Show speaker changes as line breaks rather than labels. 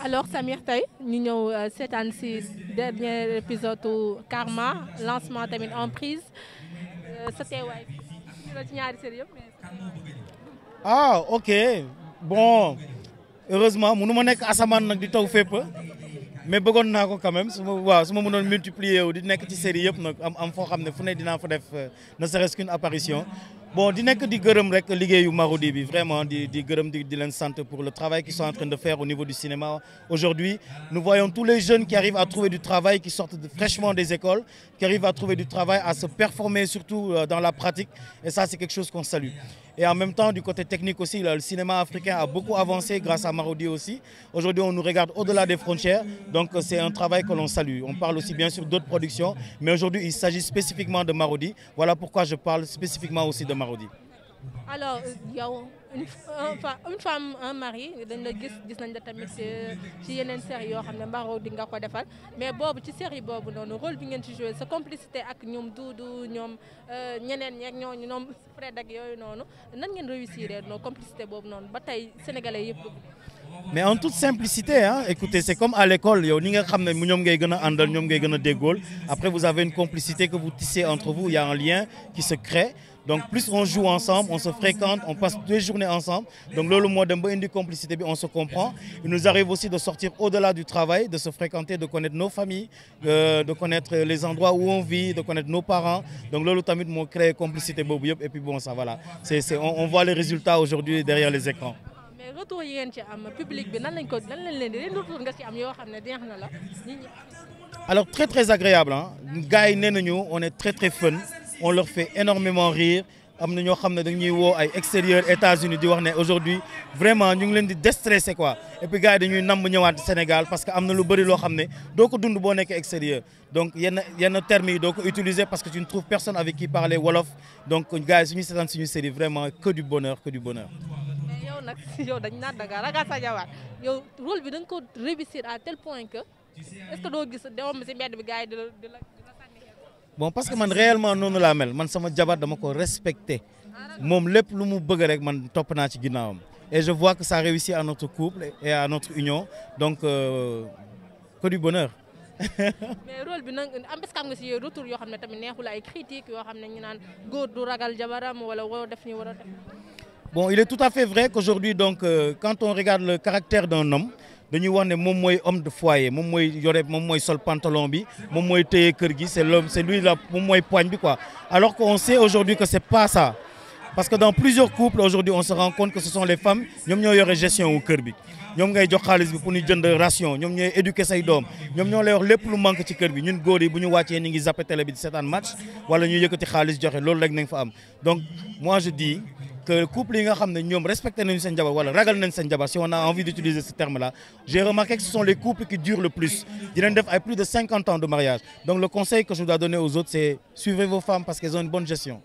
alors Samir tey ñu ñëw euh, seetaan si dernier épisode Karma lancement tamit en prise euh, sa teewaay ci ñaari série
ah ok bon heureusement mënu ma nekk asamaan nag di taw fépp mais bëggoon naa ko quand même su ma waaw su ma mënoon multiplier wu di nekk ci série yëpp nag am am foo xam ne fu ne dinaa fa def euh, ne serait-ce qu'une apparition bon di nekk di gërëm rek liggéeyu Marodi bi vraiment di di gërëm di di leen sant pour le travail qu'ils sont en train de faire au niveau du cinéma aujourd'hui nous voyons tous les jeunes qui arrivent à trouver du travail qui sortent de, fraîchement des écoles qui arrivent à trouver du travail à se performer surtout euh, dans la pratique et ça c'est quelque chose qu'on salue Et en même temps, du côté technique aussi, là, le cinéma africain a beaucoup avancé grâce à Marodi aussi. Aujourd'hui, on nous regarde au-delà des frontières. Donc, euh, c'est un travail que l'on salue. On parle aussi bien sûr d'autres productions, mais aujourd'hui, il s'agit spécifiquement de Marodi. Voilà pourquoi je parle spécifiquement aussi de Marodi.
Alors, euh, une une femme un mari dañ gis gis nañ la tamit euh, ci yeneen série yoo xam ne mbaroo di nga ko defal mais boobu ci série boobu noonu rôle bi ngeen ci joué sa complicité ak ñoom Doudou ñoom euh, ñeneen ñeeg ñooñu ñoom Fred ak yooyu noonu nan ngeen réussir noonu complicité boobu noonu ba tey sénégalais yëpp.
mais en toute simplicité ah écoutez c'est comme à l'école yow ni nga xam ne ñoom ngay gën a àndal ñoom ngay gën a déggool après vous avez une complicité que vous tissez entre vous il y donc plus on joue ensemble on se fréquente on passe deux journées ensemble donc loolu moo dem ba indi complicité bi on se comprend il nous arrive aussi de sortir au-delà du travail de se fréquenter de connaître nos familles euh, de, connaître les endroits où on vit de connaître nos parents donc loolu tamit moo créé complicité boobu yëpp et puis bon ça voilà c'est c'est on, on voit les résultats aujourd'hui derrière les écrans
mais na la
alors très très agréable ah gars yi on est très très fun on leur fait énormément rire am na ñoo xam ne dañuy woo ay extérieur États-Unis di wax ne aujourd'hui vraiment ñu leen di déstresser quoi et puis dañuy namb ñëwaat Sénégal parce que am na lu bëri loo xam ne doo ko dund boo nekkee extérieur donc yenn yenn termes yi doo ko utiliser parce que tu ne trouves personne avec qui parler wolof donc gars yi suñu seetaan suñu série vraiment que du bonheur que du bonheur.
da ngaa ragal sa jawaar yow rôle que est-ce
bon parce que man réellement noonu laa mel man sama jabar dama ko respecté moom lépp lu mu bëgg rek man topp naa ci ginnaawam et je vois que sa réussit à notre couple et à notre union donc euh, que du bonheur.
mais rôle bi nag am bés nga si retour yoo xam ne tamit neexul ay critiques yoo xam ne ñu naan du ragal jabaram wala woo def ñu war a def.
bon il est tout à fait vrai qu'aujourd'hui donc euh, quand on regarde le caractère d'un homme dañuy wax ne moom mooy homme de foyer moom mooy yore moom mooy sol pantalon bi moom mooy téye kër gi c'est l'homme c'est lui la moom mooy poigne bi quoi alors qu'on sait aujourd'hui que c'est pas parce que dans plusieurs couples aujourd'hui on se rend compte que ce sont les femmes ñoom ñoo yore gestion wu kër bi ñoom ngay jox xaalis bi pour ñu jënd ration ñoom ñooy éduquer say doom ñoom ñoo lay wax lépp lu manque ci kër bi ñun góor yi bu ñu wàccee ñu ngi zappé télé bi di seetaan match wala ñu yëkkati xaalis que couple yi nga xam ne ñoom respecté nañu seen jabar wala ragal nañu seen jabar si on a envie d'utiliser ce terme là j'ai remarqué que ce sont les couples qui durent le plus dinañ def ay plus de cinquante ans de mariage donc le conseil que je dois donner aux autres c'est suivez vos femmes parce qu'elles ont une bonne gestion